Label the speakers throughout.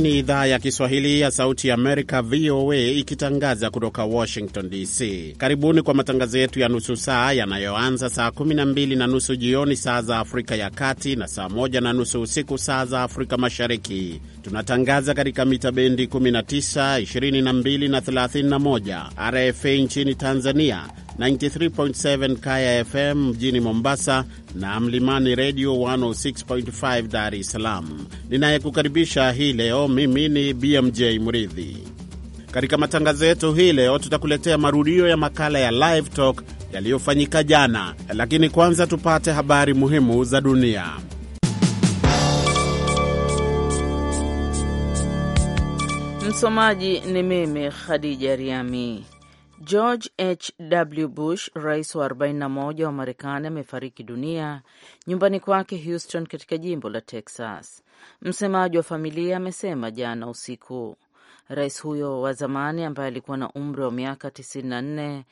Speaker 1: ni idhaa ya Kiswahili ya Sauti ya Amerika, VOA, ikitangaza kutoka Washington DC. Karibuni kwa matangazo yetu ya nusu saa yanayoanza saa 12 na nusu jioni saa za Afrika ya Kati na saa 1 na nusu usiku saa za Afrika Mashariki. Tunatangaza katika mita bendi 19, 22 na 31, RFA nchini Tanzania 93.7 Kaya FM mjini Mombasa na Mlimani Redio 106.5 Dar es Salaam. Ninayekukaribisha hii leo mimi ni BMJ Mridhi. Katika matangazo yetu hii leo tutakuletea marudio ya makala ya Live Talk yaliyofanyika jana, lakini kwanza tupate habari muhimu za dunia.
Speaker 2: Msomaji ni mimi Khadija Riami. George H. W. Bush, rais wa 41 wa Marekani, amefariki dunia nyumbani kwake Houston, katika jimbo la Texas. Msemaji wa familia amesema jana usiku. Rais huyo wa zamani ambaye alikuwa na umri wa miaka 94,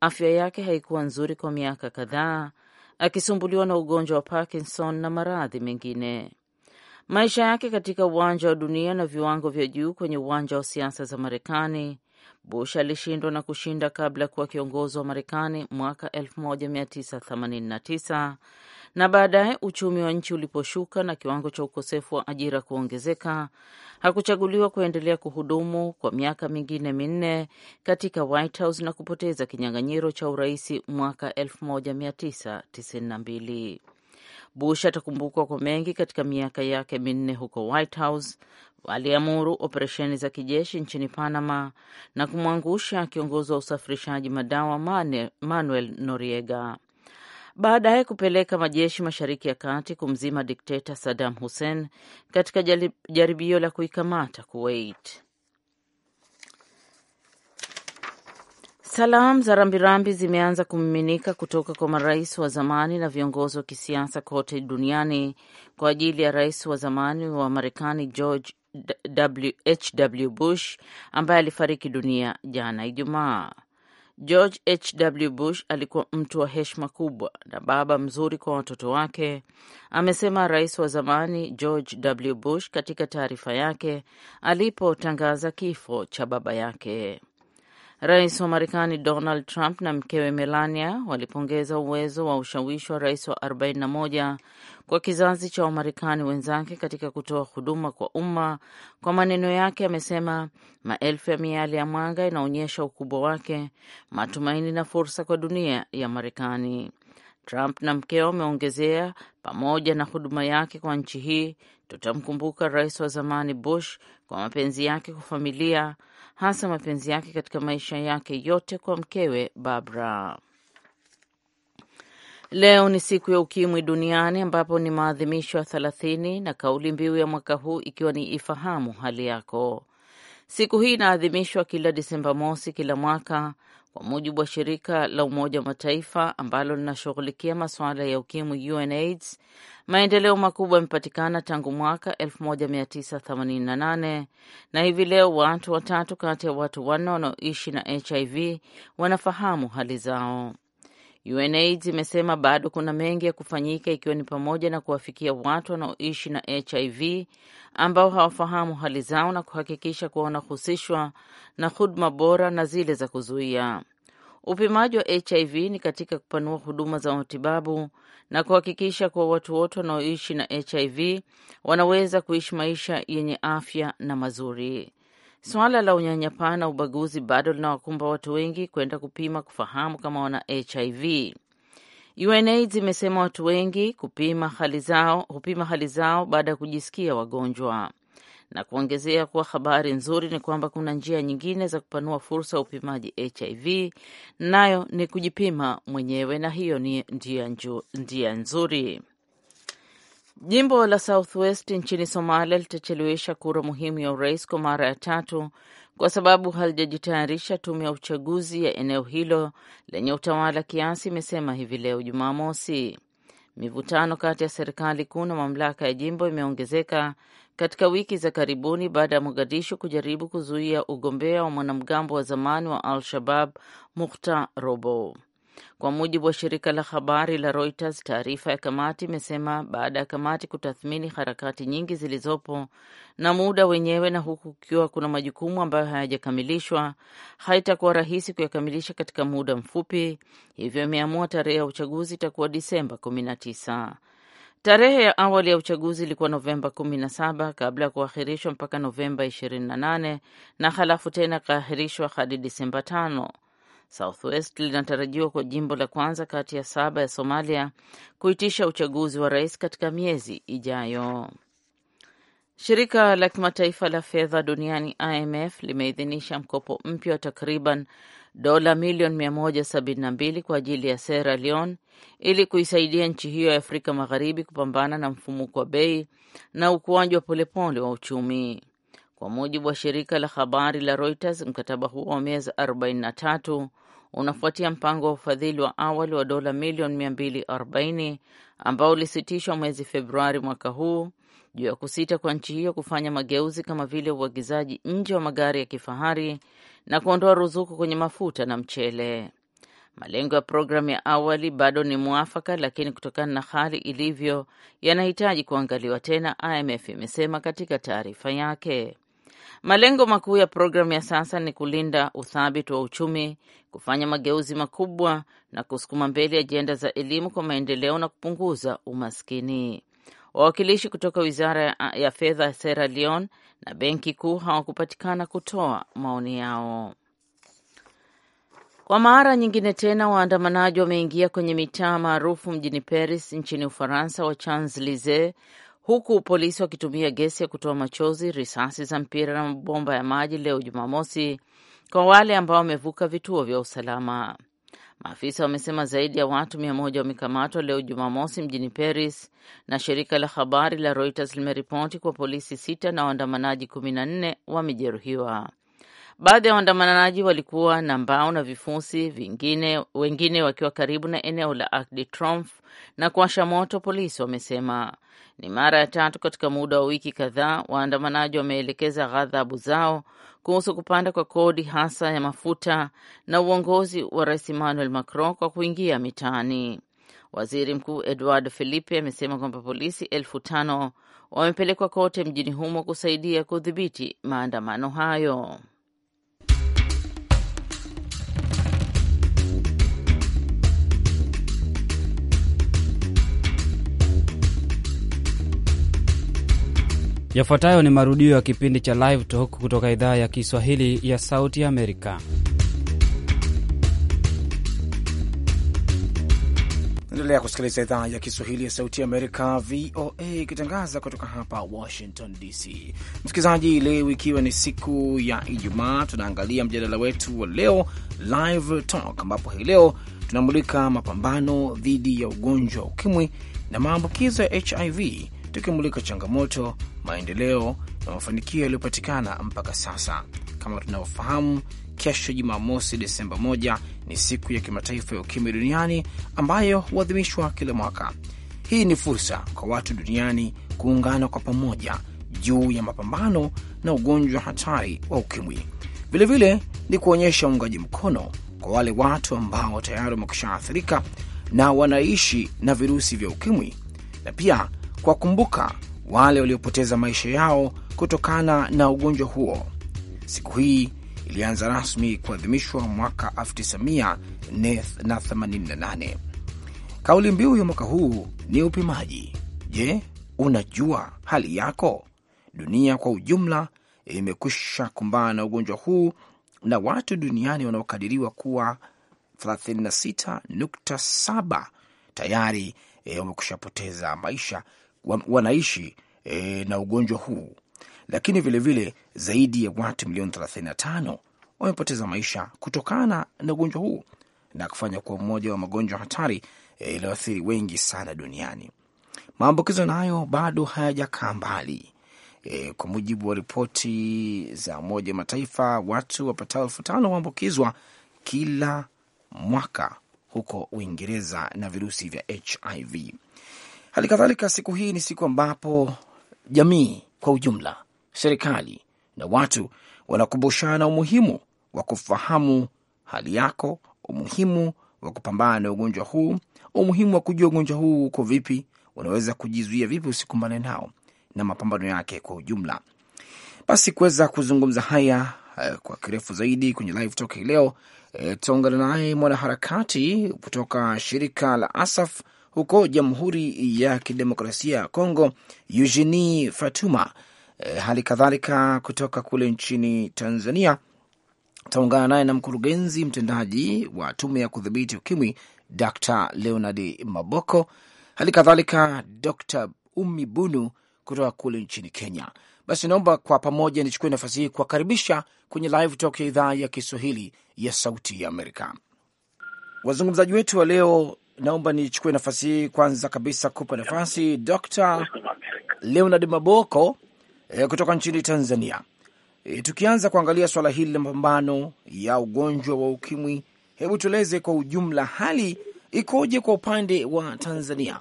Speaker 2: afya yake haikuwa nzuri kwa miaka kadhaa, akisumbuliwa na ugonjwa wa Parkinson na maradhi mengine. Maisha yake katika uwanja wa dunia na viwango vya juu kwenye uwanja wa siasa za Marekani Bush alishindwa na kushinda kabla ya kuwa kiongozi wa Marekani mwaka 1989 na baadaye uchumi wa nchi uliposhuka na kiwango cha ukosefu wa ajira kuongezeka, hakuchaguliwa kuendelea kuhudumu kwa miaka mingine minne katika White House na kupoteza kinyang'anyiro cha urais mwaka 1992. Bush atakumbukwa kwa mengi katika miaka yake minne huko White House. Aliamuru operesheni za kijeshi nchini Panama na kumwangusha kiongozi wa usafirishaji madawa Manuel Noriega, baadaye kupeleka majeshi mashariki ya kati kumzima dikteta Saddam Hussein katika jaribio la kuikamata Kuwait. Salamu za rambirambi zimeanza kumiminika kutoka kwa marais wa zamani na viongozi wa kisiasa kote duniani kwa ajili ya rais wa zamani wa Marekani George HW Bush ambaye alifariki dunia jana Ijumaa. George HW Bush alikuwa mtu wa heshima kubwa na baba mzuri kwa watoto wake, amesema rais wa zamani George W Bush katika taarifa yake alipotangaza kifo cha baba yake. Rais wa Marekani Donald Trump na mkewe Melania walipongeza uwezo wa ushawishi wa rais wa 41 kwa kizazi cha Wamarekani wenzake katika kutoa huduma kwa umma. Kwa maneno yake, amesema maelfu ya miale ya mwanga inaonyesha ukubwa wake, matumaini na fursa kwa dunia ya Marekani. Trump na mkewe wameongezea, pamoja na huduma yake kwa nchi hii, tutamkumbuka rais wa zamani Bush kwa mapenzi yake kwa familia hasa mapenzi yake katika maisha yake yote kwa mkewe Barbara. Leo ni siku ya ukimwi duniani ambapo ni maadhimisho ya thelathini na kauli mbiu ya mwaka huu ikiwa ni ifahamu hali yako. Siku hii inaadhimishwa kila Disemba mosi kila mwaka kwa mujibu wa shirika la Umoja wa Mataifa ambalo linashughulikia masuala ya ukimwi UNAIDS, maendeleo makubwa yamepatikana tangu mwaka 1988 na hivi leo watu watatu kati ya watu wanne wanaoishi na HIV wanafahamu hali zao. UNAIDS imesema bado kuna mengi ya kufanyika ikiwa ni pamoja na kuwafikia watu wanaoishi na HIV ambao hawafahamu hali zao na kuhakikisha kuwa wanahusishwa na huduma bora na zile za kuzuia. Upimaji wa HIV ni katika kupanua huduma za matibabu na kuhakikisha kuwa watu wote wanaoishi na HIV wanaweza kuishi maisha yenye afya na mazuri. Suala la unyanyapaa na ubaguzi bado linawakumba watu wengi kwenda kupima kufahamu kama wana HIV. UNAIDS imesema watu wengi kupima hali zao, hupima hali zao baada ya kujisikia wagonjwa na kuongezea kuwa habari nzuri ni kwamba kuna njia nyingine za kupanua fursa ya upimaji HIV, nayo ni kujipima mwenyewe, na hiyo ni njia nzuri. Jimbo la Southwest nchini Somalia litachelewesha kura muhimu ya urais kwa mara ya tatu kwa sababu halijajitayarisha. Tume ya uchaguzi ya eneo hilo lenye utawala kiasi imesema hivi leo Jumamosi. Mivutano kati ya serikali kuu na mamlaka ya jimbo imeongezeka katika wiki za karibuni baada ya Mogadishu kujaribu kuzuia ugombea wa mwanamgambo wa zamani wa Al Shabab Mukta Robo. Kwa mujibu wa shirika la habari la Reuters, taarifa ya kamati imesema baada ya kamati kutathmini harakati nyingi zilizopo na muda wenyewe, na huku kukiwa kuna majukumu ambayo hayajakamilishwa, haitakuwa rahisi kuyakamilisha katika muda mfupi. Hivyo imeamua tarehe ya uchaguzi itakuwa Disemba 19. Tarehe ya awali ya uchaguzi ilikuwa Novemba 17 kabla ya kuahirishwa mpaka Novemba 28 na halafu tena akaahirishwa hadi Disemba 5. Southwest linatarajiwa kwa jimbo la kwanza kati ya saba ya Somalia kuitisha uchaguzi wa rais katika miezi ijayo. Shirika la kimataifa la fedha duniani IMF limeidhinisha mkopo mpya wa takriban dola milioni 172 kwa ajili ya Sierra Leone ili kuisaidia nchi hiyo ya Afrika Magharibi kupambana na mfumuko wa bei na ukuaji wa polepole wa uchumi. Kwa mujibu wa shirika la habari la Reuters, mkataba huo wa miezi 43 unafuatia mpango wa ufadhili wa awali wa dola milioni 240 ambao ulisitishwa mwezi Februari mwaka huu juu ya kusita kwa nchi hiyo kufanya mageuzi kama vile uagizaji nje wa magari ya kifahari na kuondoa ruzuku kwenye mafuta na mchele. Malengo ya programu ya awali bado ni mwafaka, lakini kutokana na hali ilivyo yanahitaji kuangaliwa tena, IMF imesema katika taarifa yake. Malengo makuu ya programu ya sasa ni kulinda uthabiti wa uchumi, kufanya mageuzi makubwa na kusukuma mbele ajenda za elimu kwa maendeleo na kupunguza umaskini. Wawakilishi kutoka wizara ya fedha ya Sierra Leone na benki kuu hawakupatikana kutoa maoni yao. Kwa mara nyingine tena waandamanaji wameingia kwenye mitaa maarufu mjini Paris nchini Ufaransa wa Champs Elysees huku polisi wakitumia gesi ya kutoa machozi, risasi za mpira na mabomba ya maji leo Jumamosi kwa wale ambao wamevuka vituo vya usalama. Maafisa wamesema zaidi ya watu mia moja wamekamatwa leo Jumamosi mjini Paris, na shirika la habari la Reuters limeripoti kwa polisi sita na waandamanaji kumi na nne wamejeruhiwa. Baadhi ya waandamanaji walikuwa na mbao na vifusi vingine, wengine wakiwa karibu na eneo la Arc de Triomphe na kuasha moto, polisi wamesema. Ni mara ya tatu katika muda wa wiki kadhaa waandamanaji wameelekeza ghadhabu zao kuhusu kupanda kwa kodi hasa ya mafuta na uongozi wa Rais Emmanuel Macron kwa kuingia mitaani. Waziri Mkuu Edward Philippe amesema kwamba polisi elfu tano wamepelekwa kote mjini humo kusaidia kudhibiti maandamano hayo.
Speaker 1: Yafuatayo ni marudio ya kipindi cha Live Talk kutoka idhaa ya Kiswahili ya Sauti Amerika.
Speaker 3: Endelea kusikiliza idhaa ya Kiswahili ya Sauti Amerika, VOA, ikitangaza kutoka hapa Washington DC. Msikilizaji, leo ikiwa ni siku ya Ijumaa, tunaangalia mjadala wetu wa leo, Live Talk, ambapo hii leo tunamulika mapambano dhidi ya ugonjwa wa ukimwi na maambukizo ya HIV tukimulika changamoto, maendeleo na mafanikio yaliyopatikana mpaka sasa. Kama tunavyofahamu, kesho Jumamosi Desemba 1 ni siku ya kimataifa ya ukimwi duniani ambayo huadhimishwa kila mwaka. Hii ni fursa kwa watu duniani kuungana kwa pamoja juu ya mapambano na ugonjwa hatari wa ukimwi. Vilevile ni kuonyesha uungaji mkono kwa wale watu ambao tayari wamekusha athirika na wanaishi na virusi vya ukimwi, na pia kuwakumbuka wale waliopoteza maisha yao kutokana na ugonjwa huo. Siku hii ilianza rasmi kuadhimishwa mwaka 1988. Kauli mbiu ya mwaka huu ni upimaji. Je, unajua hali yako? Dunia kwa ujumla imekwisha kumbana na ugonjwa huu na watu duniani wanaokadiriwa kuwa 36.7 tayari eh, wamekushapoteza maisha wanaishi e, na ugonjwa huu, lakini vilevile vile, zaidi ya watu milioni 35 wamepoteza maisha kutokana na ugonjwa huu na kufanya kuwa mmoja wa magonjwa hatari e, yaliyoathiri e, wengi sana duniani. Maambukizo nayo bado hayajakaa mbali. E, kwa mujibu wa ripoti za Umoja Mataifa, watu wapatao elfu tano waambukizwa kila mwaka huko Uingereza na virusi vya HIV. Hali kadhalika siku hii ni siku ambapo jamii kwa ujumla, serikali na watu wanakumbushana umuhimu wa kufahamu hali yako, umuhimu wa kupambana na ugonjwa huu, umuhimu wa kujua ugonjwa huu uko vipi, unaweza kujizuia vipi usikumbane nao na mapambano yake kwa ujumla. Basi kuweza kuzungumza haya eh, kwa kirefu zaidi kwenye live talk hii leo, eh, tutaungana naye mwanaharakati kutoka shirika la ASAF huko Jamhuri ya Kidemokrasia ya Kongo, Eugenie Fatuma. E, hali kadhalika kutoka kule nchini Tanzania taungana naye na mkurugenzi mtendaji wa tume ya kudhibiti ukimwi Dr. Leonard Maboko, hali kadhalika Dr. Umi Bunu kutoka kule nchini Kenya. Basi naomba kwa pamoja nichukue nafasi hii kuwakaribisha kwenye live talk ya idhaa ya Kiswahili ya Sauti ya Amerika. Wazungumzaji wetu wa leo naomba nichukue nafasi hii kwanza kabisa kupa nafasi Dr. Leonard Maboko eh, kutoka nchini Tanzania. E, tukianza kuangalia swala hili la mapambano ya ugonjwa wa ukimwi, hebu tueleze kwa ujumla hali ikoje kwa upande wa Tanzania?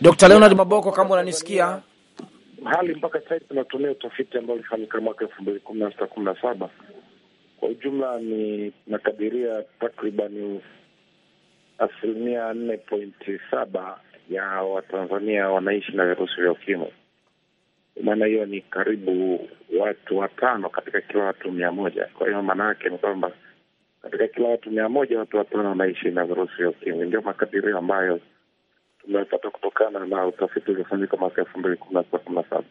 Speaker 4: Dr. Leonard Maboko, kama unanisikia hali mpaka sasa tunatumia utafiti ambao ulifanyika mwaka elfu mbili kumi na sita kumi na saba kwa ujumla ni nakadiria takribani asilimia nne pointi saba ya Watanzania wanaishi na virusi vya ukimwi. Maana hiyo ni karibu watu watano katika kila watu mia moja. Kwa hiyo maana yake ni kwamba katika kila watu mia moja watu watano wanaishi na virusi vya ukimwi. Ndio makadirio ambayo tumepata kutokana na utafiti uliofanyika mwaka elfu mbili kumi na kumi na saba.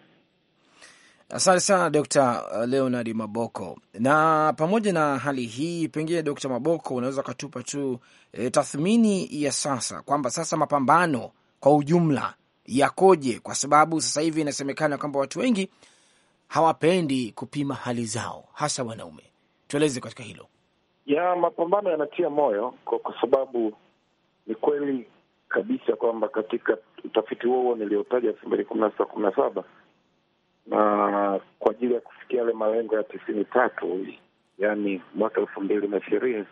Speaker 3: Asante sana Dkt. Uh, Leonard Maboko. Na pamoja na hali hii, pengine Dkt. Maboko, unaweza ukatupa tu e, tathmini ya sasa kwamba sasa mapambano kwa ujumla yakoje, kwa sababu sasa hivi inasemekana kwamba watu wengi hawapendi kupima hali zao, hasa wanaume. Tueleze katika hilo.
Speaker 4: Ya mapambano yanatia moyo kwa, kwa sababu ni kweli kabisa kwamba katika utafiti huo huo niliotaja elfu mbili kumi na sita kumi na saba na kwa ajili ya kufikia yale malengo ya tisini tatu, yaani mwaka elfu mbili na ishirini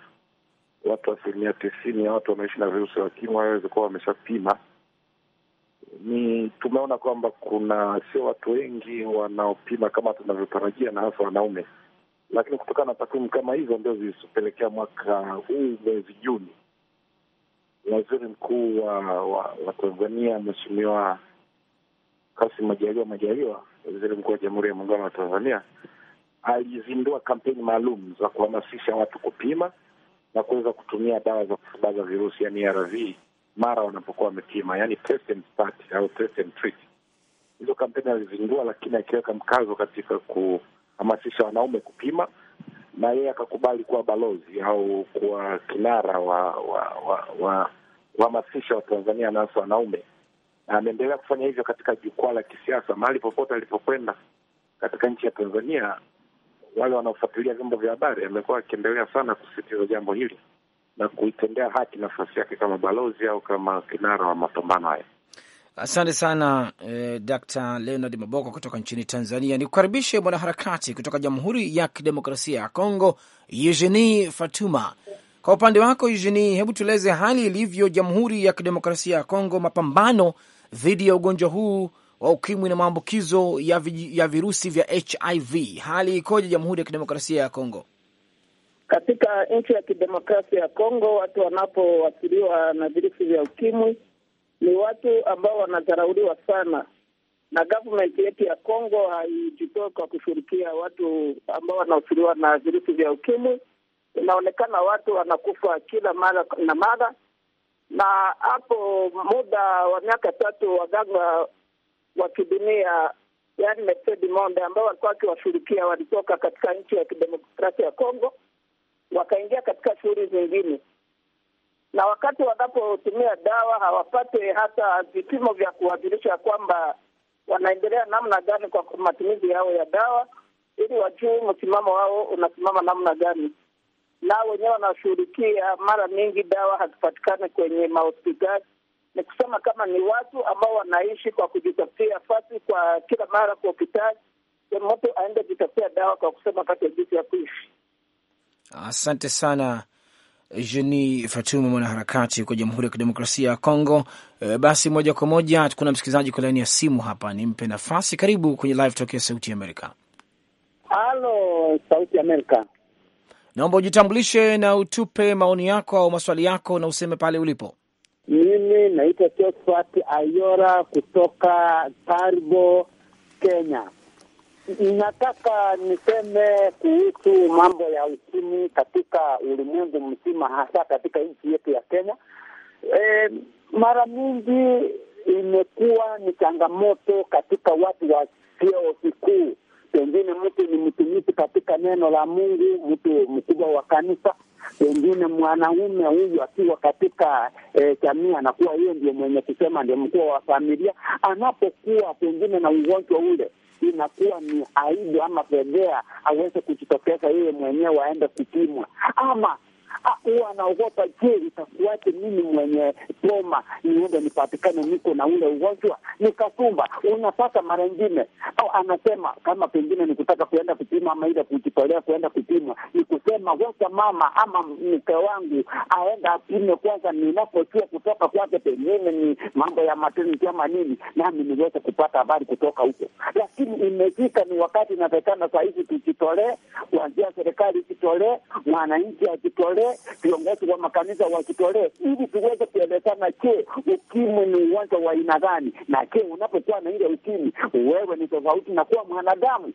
Speaker 4: watu asilimia tisini ya watu wanaishi na virusi vya ukimwi waweze kuwa wameshapima. Ni tumeona kwamba kuna sio watu wengi wanaopima kama tunavyotarajia, na hasa wanaume, lakini kutokana na takwimu kama hizo ndio zilizopelekea mwaka huu mwezi Juni waziri mkuu wa, wa, wa Tanzania Mheshimiwa Kassim Majaliwa Majaliwa, waziri mkuu wa Jamhuri ya Muungano wa Tanzania, alizindua kampeni maalum za kuhamasisha watu kupima na kuweza kutumia dawa za kusambaza virusi, yani ARV mara wanapokuwa wamepima, yani test and start au test and treat. Hizo kampeni alizindua, lakini akiweka mkazo katika kuhamasisha wanaume kupima, na yeye akakubali kuwa balozi au kuwa kinara wa wa wa kuhamasisha Watanzania na hasa wanaume na ameendelea kufanya hivyo katika jukwaa la kisiasa mahali popote alipokwenda katika nchi ya Tanzania. Wale wanaofuatilia vyombo vya habari, amekuwa akiendelea sana kusisitiza jambo hili na kuitendea haki nafasi yake kama balozi au kama kinara wa mapambano haya.
Speaker 3: Asante sana eh, Dr. Leonard Maboko kutoka nchini Tanzania. Ni kukaribishe mwanaharakati kutoka Jamhuri ya Kidemokrasia ya Kongo, Eugenie Fatuma. Kwa upande wako Ijini, hebu tueleze hali ilivyo Jamhuri ya Kidemokrasia ya Kongo, mapambano dhidi ya ugonjwa huu wa ukimwi na maambukizo ya, ya virusi vya HIV. Hali ikoje Jamhuri ya Kidemokrasia ya Kongo?
Speaker 4: Katika nchi ya kidemokrasia ya Kongo, watu wanapoathiriwa na virusi vya ukimwi ni watu ambao wanadharauliwa sana, na government yetu ya Kongo haijitoe kwa kushughulikia watu ambao wanaoathiriwa na virusi vya ukimwi inaonekana watu wanakufa kila mara na mara. Na hapo muda wa miaka tatu waganga wa kidunia yaani Methodi Monde ambao walikuwa wakiwashughulikia walitoka katika nchi ya kidemokrasia ya Kongo wakaingia katika shughuli zingine, na wakati wanapotumia dawa hawapate hata vipimo vya kuwajulisha kwamba wanaendelea namna gani kwa matumizi yao ya dawa, ili wajue msimamo wao unasimama namna gani na wenyewe wanaoshughulikia, mara nyingi dawa hazipatikani kwenye mahospitali. Ni kusema kama ni watu ambao wanaishi kwa kujitafutia fasi kwa kila mara kwa hospitali, mtu aende kujitafutia dawa kwa kusema pate jinsi ya kuishi.
Speaker 3: Asante sana Jeni Fatuma, mwanaharakati kwa Jamhuri ya Kidemokrasia ya Kongo. E, basi moja kwa moja kuna msikilizaji kwa laini ya simu hapa, nimpe nafasi. Karibu kwenye live talk ya Sauti ya Amerika.
Speaker 4: Halo Sauti ya Amerika.
Speaker 3: Naomba ujitambulishe na utupe maoni yako au maswali yako na useme pale ulipo.
Speaker 4: Mimi naitwa Josephat Ayora kutoka tarbo Kenya. Nataka niseme kuhusu mambo ya uchumi katika ulimwengu mzima, hasa katika nchi yetu ya Kenya. E, mara nyingi imekuwa ni changamoto katika watu wa vyeo vikuu pengine mtu ni mtumishi katika neno la Mungu, mtu mkubwa wa kanisa, pengine mwanaume huyu akiwa katika e, anakuwa yeye ndio mwenye kusema, ndio mkuu wa familia. Anapokuwa pengine na ugonjwa ule inakuwa ni aibu ama fedhea aweze kujitokeza yeye mwenyewe aende kupimwa ama Ah, huwa anaogopa, je, itakuwaje mimi mwenye poma niende nipatikane niko na ule ugonjwa nikasumba. Unapata mara ingine au anasema kama pengine kutaka kuenda kupima ama ile kujitolea kuenda kupima, ni kusema wacha mama ama mke wangu aenda apime kwanza, ninapochua kutoka kwake pengine ni mambo ya maternity ama nini, nami niweze kupata habari kutoka huko. Lakini imefika ni wakati inatakana saa hizi tujitolee, kuanzia serikali ijitolee, mwananchi ajitolee wale viongozi wa makanisa wakitolee ili tuweze kuelezana. Je, ukimwi ni uwanja wa aina gani? Na je, unapokuwa na ile ukimwi, wewe ni tofauti na kuwa mwanadamu?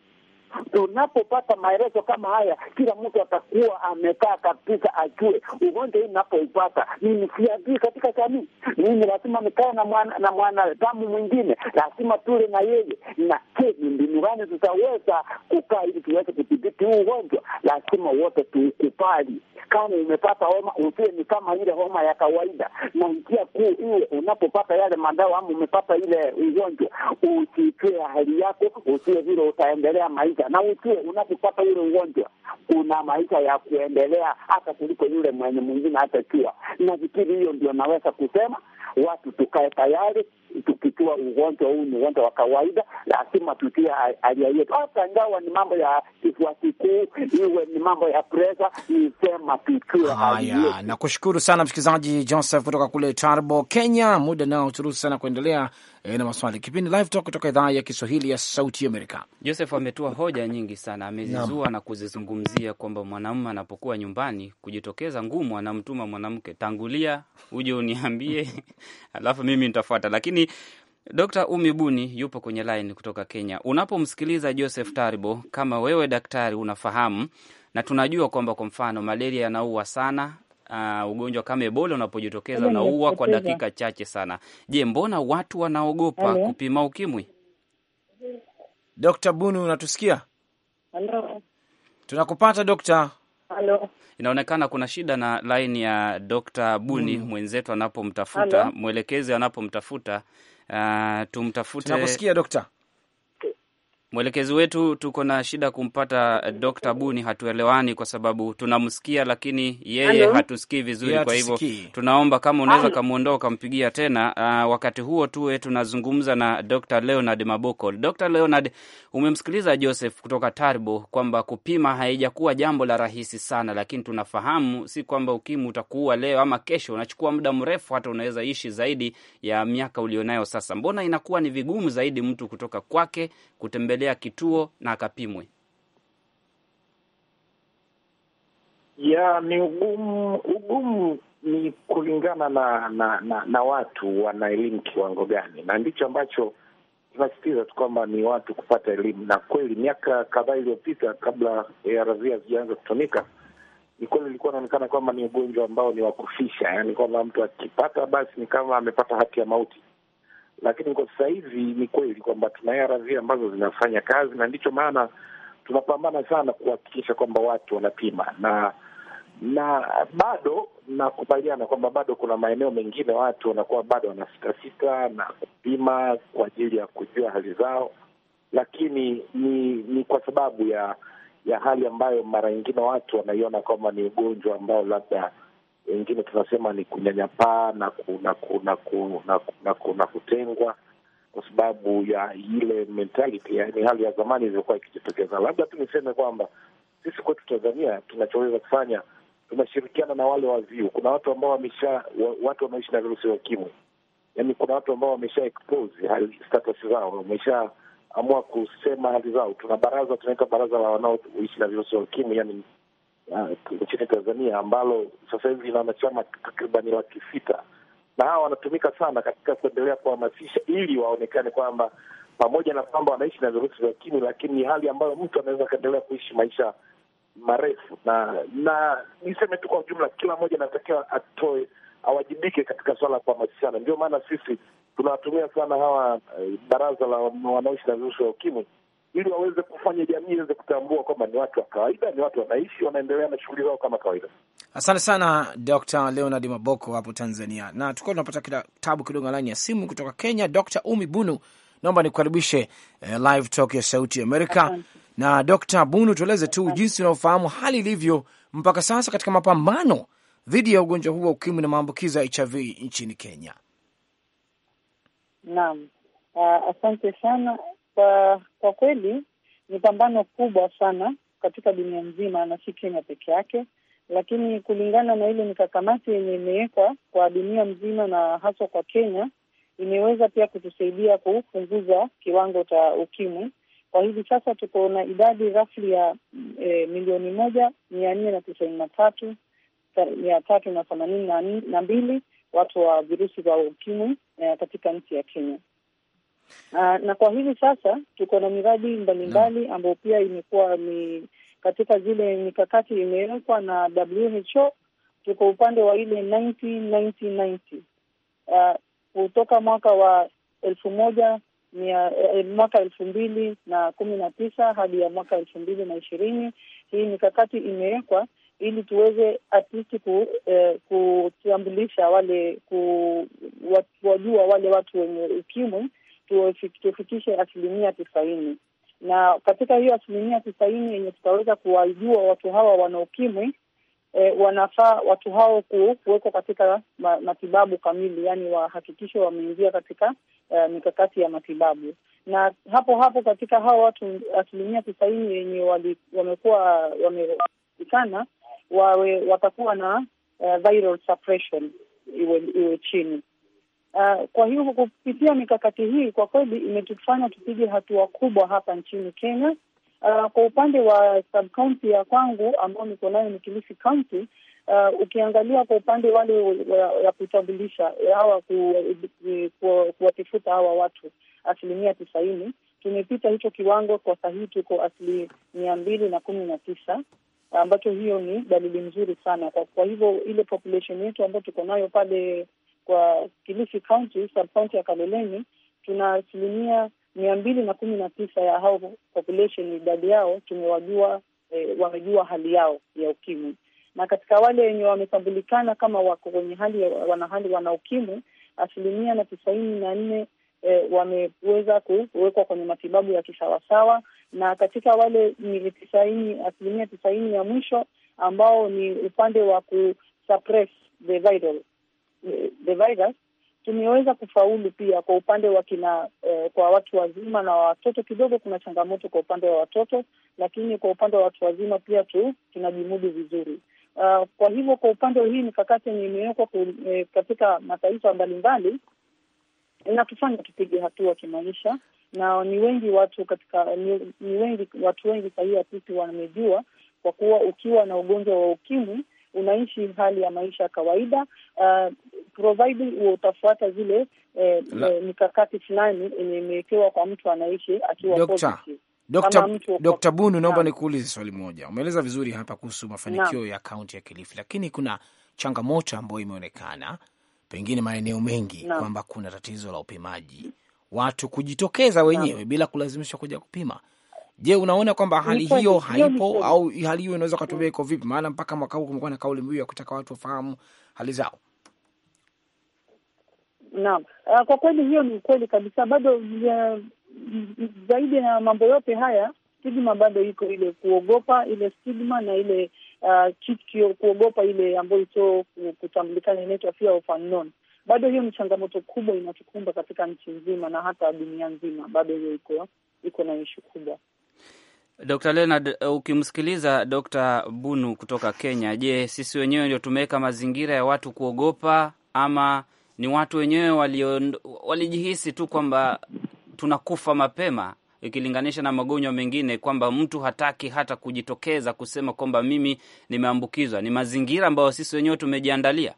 Speaker 4: Tunapopata maelezo kama haya, kila mtu atakuwa amekaa kabisa, ajue ugonjwa hii napoipata mimi siadui katika jamii Mimi lazima nikae na mwana na mwanadamu mwingine, lazima tule na yeye na ke, ni mbinu gani tutaweza kukaa ili tuweze kudhibiti huu ugonjwa? Lazima wote tuukubali. Kama umepata homa, usie ni kama ile homa ya kawaida, na njia kuu iwe unapopata yale madawa ama umepata ile ugonjwa, usitwe hali yako, usie vile utaendelea maisha vita, na ujue unapopata ule ugonjwa kuna maisha ya kuendelea hata kuliko yule mwenye mwingine hata kiwa na vikili. Hiyo ndio naweza kusema watu tukae tayari, tukitua ugonjwa huu ni ugonjwa wa kawaida, lazima tutie alia yetu, hata ingawa ni mambo ya kifua kikuu, iwe ni mambo ya presa, ni sema
Speaker 1: tutue. Haya,
Speaker 3: Nakushukuru sana msikilizaji Joseph kutoka kule Tarbo, Kenya. Muda nao turuhusu sana kuendelea eh, na maswali. Kipindi Live Talk kutoka idhaa ya Kiswahili ya Sauti Amerika.
Speaker 1: Joseph ametoa hoja nyingi sana, amezizua na kuzizungumzia kwamba mwanamume anapokuwa nyumbani kujitokeza ngumu, anamtuma mwanamke, tangulia uje uniambie alafu mimi nitafuata. Lakini Dr. Umi Buni yupo kwenye line kutoka Kenya. Unapomsikiliza Joseph Taribo, kama wewe daktari unafahamu, na tunajua kwamba kwa mfano malaria yanaua sana. Uh, ugonjwa kama Ebola unapojitokeza unaua kwa dakika chache sana. Je, mbona watu wanaogopa kupima ukimwi? Dr. buni unatusikia? Hello. Tunakupata Dokta Halo. Inaonekana kuna shida na line ya Dr. Buni mm. mwenzetu anapomtafuta, mwelekezi anapomtafuta, uh, tumtafute. Tunakusikia Mwelekezi wetu tuko na shida kumpata eh, Dr. Buni, hatuelewani kwa sababu tunamsikia lakini yeye hatusikii vizuri yeah, kwa hivyo tunaomba kama unaweza kamwondoa ukampigia tena. Uh, wakati huo tuwe tunazungumza na Dr. Leonard Maboko. Dr. Leonard, umemsikiliza Joseph kutoka Taribo kwamba kupima haijakuwa jambo la rahisi sana, lakini tunafahamu si kwamba ukimwi utakuua leo ama kesho, unachukua muda mrefu, hata unaweza ishi zaidi ya miaka ulionayo sasa. Mbona inakuwa ni vigumu zaidi mtu kutoka kwake kutembea kutembelea kituo na akapimwe?
Speaker 4: Ya, ni ugumu ugumu ni kulingana na na, na, na
Speaker 1: watu wana elimu
Speaker 4: kiwango gani, na ndicho ambacho tunasisitiza tu kwamba ni watu kupata elimu. Na kweli miaka kadhaa iliyopita, kabla ARV hazijaanza kutumika, ni kweli ilikuwa inaonekana kwamba ni ugonjwa ambao ni wa kufisha, yaani kwamba mtu akipata basi ni kama amepata hati ya mauti, lakini kwa sasa hivi ni kweli kwamba tuna ARV ambazo zinafanya kazi, na ndicho maana tunapambana sana kuhakikisha kwamba watu wanapima na na bado nakubaliana kwamba bado kuna maeneo mengine watu wanakuwa bado wanasitasita na kupima kwa ajili ya kujua hali zao, lakini ni ni kwa sababu ya ya hali ambayo mara nyingine watu wanaiona kwamba ni ugonjwa ambao labda wengine tunasema ni kunyanyapaa na ku, kuna ku, kuna kutengwa kwa sababu ya ile mentality, yaani hali ya zamani ilivyokuwa ikijitokeza. Labda tu niseme kwamba sisi kwetu Tanzania tunachoweza kufanya, tunashirikiana na wale waziu. Kuna watu ambao wamesha watu wanaishi na virusi vya ukimwi, yaani kuna watu ambao wamesha expose hali status zao, wameshaamua kusema hali zao. Tuna baraza tunaita baraza la wanaoishi na virusi vya ukimwi, yani Uh, nchini Tanzania ambalo sasa hivi ina wanachama takribani laki sita na hawa wanatumika sana katika kuendelea kuhamasisha ili waonekane kwamba pamoja na kwamba wanaishi na virusi vya ukimwi, lakini ni hali ambayo mtu anaweza akaendelea kuishi maisha marefu. Na na niseme tu kwa ujumla, kila mmoja anatakiwa atoe, awajibike katika suala la kuhamasishana. Ndio maana sisi tunawatumia sana hawa eh, baraza la wanaoishi na virusi vya ukimwi ili waweze kufanya jamii iweze kutambua kwamba ni watu wa kawaida, ni watu wanaishi, wanaendelea na shughuli zao kama kawaida.
Speaker 3: Asante sana Dr. Leonard Maboko hapo Tanzania. Na tukuwa tunapata kitabu kidogo laini ya simu kutoka Kenya. Dr. Umi Bunu, naomba nikukaribishe eh, live talk ya Sauti Amerika. Na Dr. Bunu, tueleze tu jinsi unaofahamu hali ilivyo mpaka sasa katika mapambano dhidi ya ugonjwa huu wa ukimwi na maambukizo ya HIV nchini Kenya.
Speaker 5: Naam, uh, asante sana kwa kwa kweli ni pambano kubwa sana katika dunia nzima na si Kenya peke yake, lakini kulingana na ile mikakamati yenye imewekwa kwa dunia mzima na haswa kwa Kenya, imeweza pia kutusaidia kupunguza kiwango cha ukimwi. Kwa hivi sasa tuko na idadi rasmi ya e, milioni moja mia nne na tisaini na tatu mia tatu na themanini na mbili watu wa virusi vya ukimwi e, katika nchi ya Kenya. Aa, ah, na kwa hivi sasa tuko na miradi mbalimbali ambayo pia imekuwa ni katika zile mikakati imewekwa na WHO. Tuko upande wa ile 1990 ah, kutoka mwaka wa elfu moja mia, eh, mwaka elfu mbili na kumi na tisa hadi ya mwaka elfu mbili na ishirini. Hii mikakati imewekwa ili tuweze at least ku, eh, kutambulisha wale ku, wajua wale watu wenye ukimwi tufikishe asilimia tisaini na katika hiyo asilimia tisaini yenye tutaweza kuwajua watu hawa wana ukimwi e, wanafaa watu hao kuwekwa katika matibabu kamili, yani wahakikishe wameingia katika e, mikakati ya matibabu. Na hapo hapo katika hao watu asilimia tisaini yenye wamekuwa wamepatikana wawe watakuwa na uh, viral suppression iwe, iwe chini Uh, kwa hiyo kupitia mikakati hii kwa kweli imetufanya tupige hatua kubwa hapa nchini Kenya. Uh, kwa upande wa sub-county ya kwangu ambao niko nayo ni Kilifi County. Uh, ukiangalia kwa upande wale wa kutambulisha hawa kuwatifuta hawa watu asilimia tisaini tumepita hicho kiwango, kwa sahihi tuko asilimia mbili na kumi na tisa ambacho hiyo ni dalili nzuri sana kwa, kwa hivyo ile population yetu ambayo tuko nayo pale kwa Kilifi County sub-county ya Kaloleni tuna asilimia mia mbili na kumi na tisa ya hao population idadi yao tumewajua, e, wamejua hali yao ya ukimwi, na katika wale wenye wametambulikana kama wako kwenye hali hali wana ukimwi asilimia na tisaini na nne E, wameweza kuwekwa kwenye matibabu ya kisawasawa, na katika wale ni tisaini, asilimia tisaini ya mwisho ambao ni upande wa kusuppress the viral Eh, the virus tumeweza kufaulu pia kwa upande wa kina eh, kwa watu wazima na watoto. Kidogo kuna changamoto kwa upande wa watoto, lakini kwa upande wa watu wazima pia tu tunajimudu vizuri. Uh, kwa hivyo kwa upande hii mikakati yenye imewekwa eh, katika mataifa mbalimbali inatufanya tupige hatua kimaisha, na ni wengi watu katika ni, ni wengi watu wengi sahii asisi wamejua, kwa kuwa ukiwa na ugonjwa wa ukimwi unaishi hali ya maisha ya kawaida uh, utafuata zile eh, eh, mikakati fulani yenye imewekewa kwa mtu anaishi akiwa positive. Dkt. Bunu, naomba
Speaker 3: nikuulize swali moja. Umeeleza vizuri hapa kuhusu mafanikio ya kaunti ya Kilifi, lakini kuna changamoto ambayo imeonekana pengine maeneo mengi kwamba kuna tatizo la upimaji, watu kujitokeza wenyewe bila kulazimishwa kuja kupima. Je, unaona kwamba hali hiyo haipo au hali hiyo inaweza kutumia iko vipi? Maana mpaka mwaka huu kumekuwa na kauli mbiu ya kutaka watu wafahamu hali zao.
Speaker 5: Naam, ah, kwa kweli hiyo ni ukweli kabisa. Bado zaidi na mambo yote haya, stigma bado iko ile kuogopa, ile stigma na ile uh, kuogopa ile ambayo sio kutambulikana, inaitwa fear of unknown. Bado hiyo ni changamoto kubwa inatukumba katika nchi nzima na hata dunia nzima, bado hiyo iko iko na ishu kubwa.
Speaker 1: Dr Leonard, eh, ukimsikiliza Dr Bunu kutoka Kenya, je, sisi wenyewe ndio tumeweka mazingira ya watu kuogopa ama ni watu wenyewe walijihisi tu kwamba tunakufa mapema ikilinganisha na magonjwa mengine, kwamba mtu hataki hata kujitokeza kusema kwamba mimi nimeambukizwa? Ni mazingira ambayo sisi wenyewe tumejiandalia.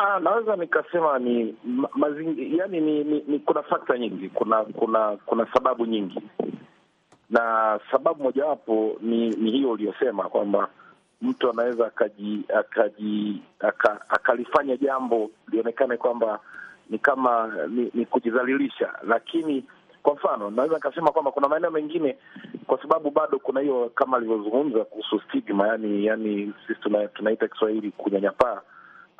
Speaker 4: Ah, naweza nikasema ni mazingi, yani ni, ni, ni kuna fakta nyingi, kuna kuna kuna sababu nyingi, na sababu mojawapo ni, ni hiyo uliyosema kwamba mtu anaweza akaji, akaji aka, akalifanya jambo lionekane kwamba ni kama ni, ni kujidhalilisha, lakini kwa mfano naweza nikasema kwamba kuna maeneo mengine, kwa sababu bado kuna hiyo kama alivyozungumza kuhusu stigma, yani yani sisi tunaita Kiswahili kunyanyapaa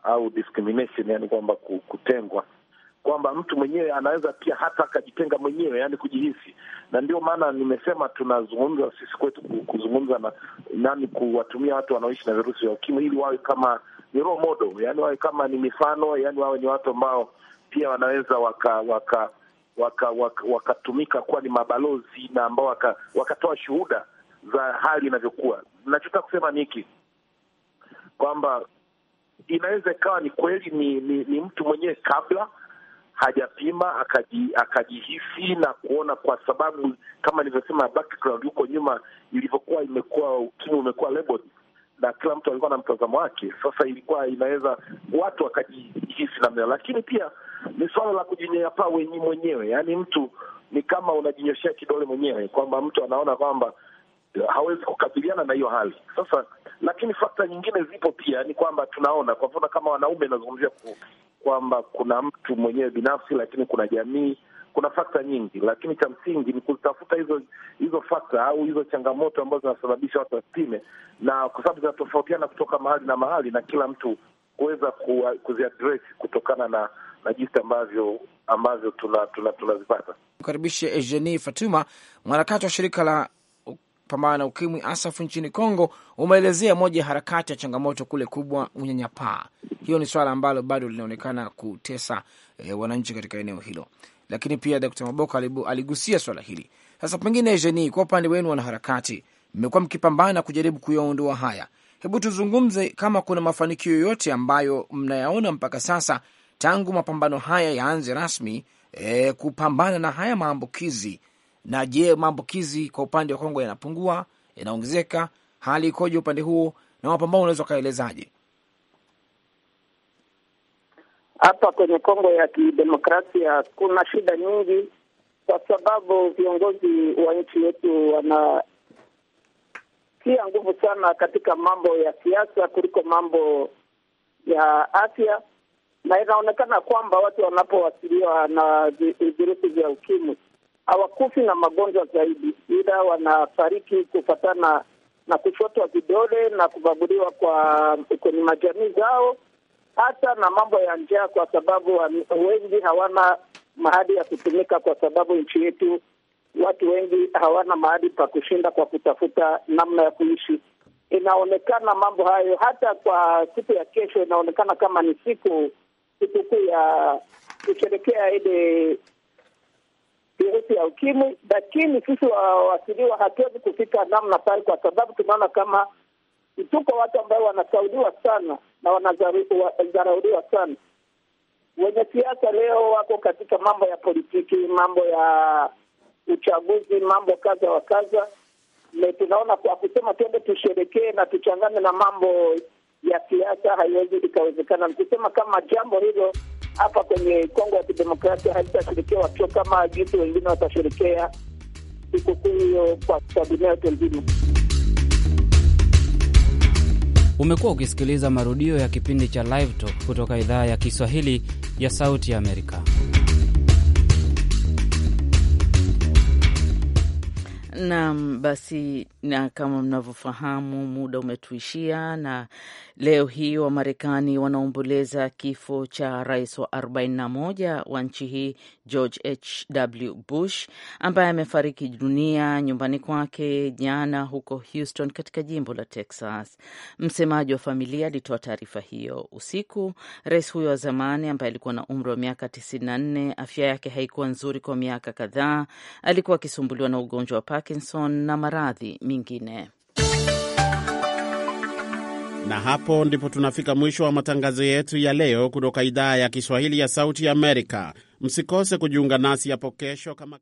Speaker 4: au discrimination, yani kwamba kutengwa, kwamba mtu mwenyewe anaweza pia hata akajitenga mwenyewe, yani kujihisi. Na ndio maana nimesema tunazungumza sisi kwetu kuzungumza na nani, kuwatumia watu wanaoishi na virusi vya ukimwi ili wawe kama ni role model, yani wawe kama ni mifano, yani wawe ni watu ambao pia wanaweza waka waka wakatumika waka, waka kuwa ni mabalozi na ambao wakatoa waka shuhuda za hali inavyokuwa. Nachotaka kusema ni hiki kwamba inaweza ikawa ni kweli ni, ni, ni mtu mwenyewe kabla hajapima akaji, akajihisi na kuona, kwa sababu kama nilivyosema background huko nyuma ilivyokuwa, imekuwa ukimwi umekuwa labeled na kila mtu alikuwa na mtazamo wake. Sasa ilikuwa inaweza watu wakajihisi namna, lakini pia ni suala la kujinyanyapaa mwenyewe yaani mtu ni kama unajinyoshea kidole mwenyewe, kwamba mtu anaona kwamba hawezi kukabiliana na hiyo hali sasa. Lakini fakta nyingine zipo pia, ni kwamba tunaona kwa mfano kama wanaume, inazungumzia kwamba kuna mtu mwenyewe binafsi, lakini kuna jamii, kuna fakta nyingi, lakini cha msingi ni kutafuta hizo hizo fakta au hizo changamoto ambazo zinasababisha watu wasitime, na kwa sababu zinatofautiana kutoka mahali na mahali, na kila mtu kuweza kuziadress kutokana na na jinsi ambavyo ambavyo tunazipata tuna, tuna
Speaker 3: kukaribisha Eugenie Fatuma, mwanakati wa shirika la kupambana na ukimwi ASAF nchini congo umeelezea moja ya harakati ya changamoto kule kubwa unyanyapaa. Hiyo ni swala ambalo bado linaonekana kutesa e, wananchi katika eneo hilo, lakini pia Dkt. Maboko aligusia swala hili. Sasa pengine, Jeni, kwa upande wenu wanaharakati, mmekuwa mkipambana kujaribu kuyaondoa haya, hebu tuzungumze kama kuna mafanikio yoyote ambayo mnayaona mpaka sasa tangu mapambano haya yaanze rasmi, e, kupambana na haya maambukizi na je, maambukizi kwa upande wa Kongo yanapungua, yanaongezeka? Hali ikoje upande huo, na wapo ambao unaweza ukaelezaje?
Speaker 4: Hapa kwenye Kongo ya Kidemokrasia kuna shida nyingi, kwa sababu viongozi wa nchi yetu wanatia nguvu sana katika mambo ya siasa kuliko mambo ya afya, na inaonekana kwamba watu wanapowasiliwa na virusi vya ukimwi hawakufi na magonjwa zaidi, ila wanafariki kufatana na kushotwa vidole na kubaguliwa kwa kwenye majamii zao, hata na mambo ya njaa, kwa sababu wengi hawana mahali ya kutumika, kwa sababu nchi yetu watu wengi hawana mahali pa kushinda kwa kutafuta namna ya kuishi. Inaonekana mambo hayo, hata kwa siku ya kesho inaonekana kama ni siku sikukuu ya kusherekea ile virusi ya ukimwi, lakini sisi waasiriwa hatuwezi kufika namna pale, kwa sababu tunaona kama tuko watu ambao wanasaudiwa sana na wanadharauliwa sana. Wenye siasa leo wako katika mambo ya politiki, mambo ya uchaguzi, mambo kadha wa kadha. Tunaona kwa kusema tuende tusherekee na tuchangane na mambo ya siasa haiwezi ikawezekana. Nikusema kama jambo hilo hapa kwenye Kongo ya Kidemokrasia halitashirikia watu kama jinsi wengine watashirikia sikukuu hiyo kwa dunia yote nzima.
Speaker 1: Umekuwa ukisikiliza marudio ya kipindi cha Live Talk kutoka idhaa ya Kiswahili ya Sauti ya Amerika.
Speaker 2: Naam, basi na kama mnavyofahamu, muda umetuishia na Leo hii Wamarekani wanaomboleza kifo cha rais wa 41 wa nchi hii George H.W. Bush ambaye amefariki dunia nyumbani kwake jana huko Houston katika jimbo la Texas. Msemaji wa familia alitoa taarifa hiyo usiku. Rais huyo wa zamani ambaye alikuwa na umri wa miaka 94, afya yake haikuwa nzuri kwa miaka kadhaa, alikuwa akisumbuliwa na ugonjwa wa Parkinson na maradhi mengine.
Speaker 1: Na hapo ndipo tunafika mwisho wa matangazo yetu ya leo kutoka idhaa ya Kiswahili ya Sauti ya Amerika. Msikose kujiunga nasi hapo kesho kama